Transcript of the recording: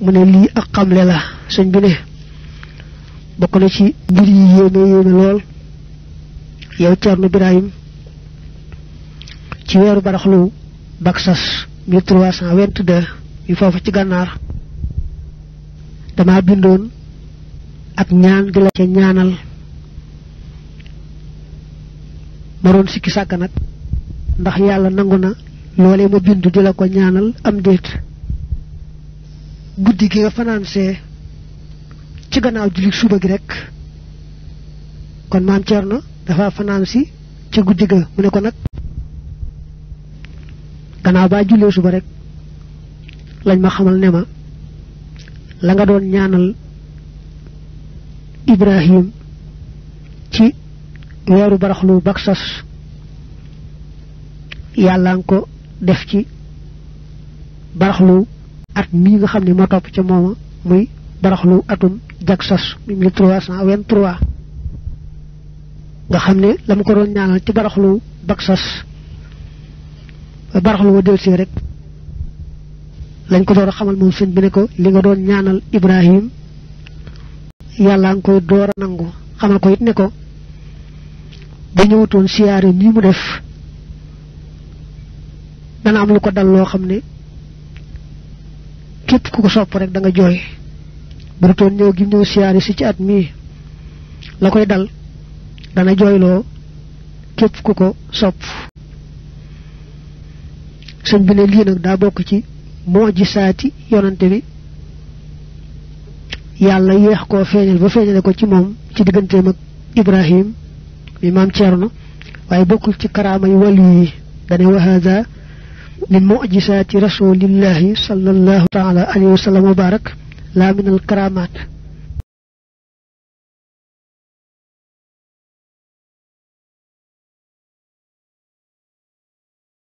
mu ne lii ak xamle la sëñ bi ne bokk na ci mbir yi yéeme yéeme lool yow Thierno Birahim ci weeru baraxlu baksas 1322 yu foofu ci gànnaar dama bindoon ak ñaan di la ca ñaanal maroon sikki sàkk nag ndax yàlla nangu na loolee ma bind ko ñaanal am déet guddi gi nga fanaansee ci gannaaw julli suba gi rek kon maam Thierno dafa fanaan si ca guddi ga mu ne ko nag gannaaw baa jullee suba rek lañ ma xamal ne ma la nga doon ñaanal Ibrahim ci weeru baraxlu baksas yàlla nga ko def ci baraxlu at mi nga xamne mo top ci moma muy baraxlu atum jaksas 1323 nga xamne lam ko ron ñaanal ci baraxlu baksas baraxlu wo del ci rek lañ ko doora xamal mom señ bi ko li nga doon ñaanal ibrahim yalla nga koy doora nangu xamal ko it ne ko bu ñewutoon siyaare ni mu def dana am lu ko dal loo xam képp ku ko sopp rek da nga jooy bu ñëw gi ñëw siyaari si ci at mi la koy dal dana jooyloo képp ku ko sopp sëñ bi ne lii nag daa bokk ci moo ji saati yonante bi yàlla yeex koo feeñal ba feeñale ko ci moom ci digganteem ak ibrahim mi maam ceerno waaye bokkul ci karaama yi wàllu dane wa من معجزات رسول الله صلى الله تعالى عليه وسلم وبارك لا من الكرامات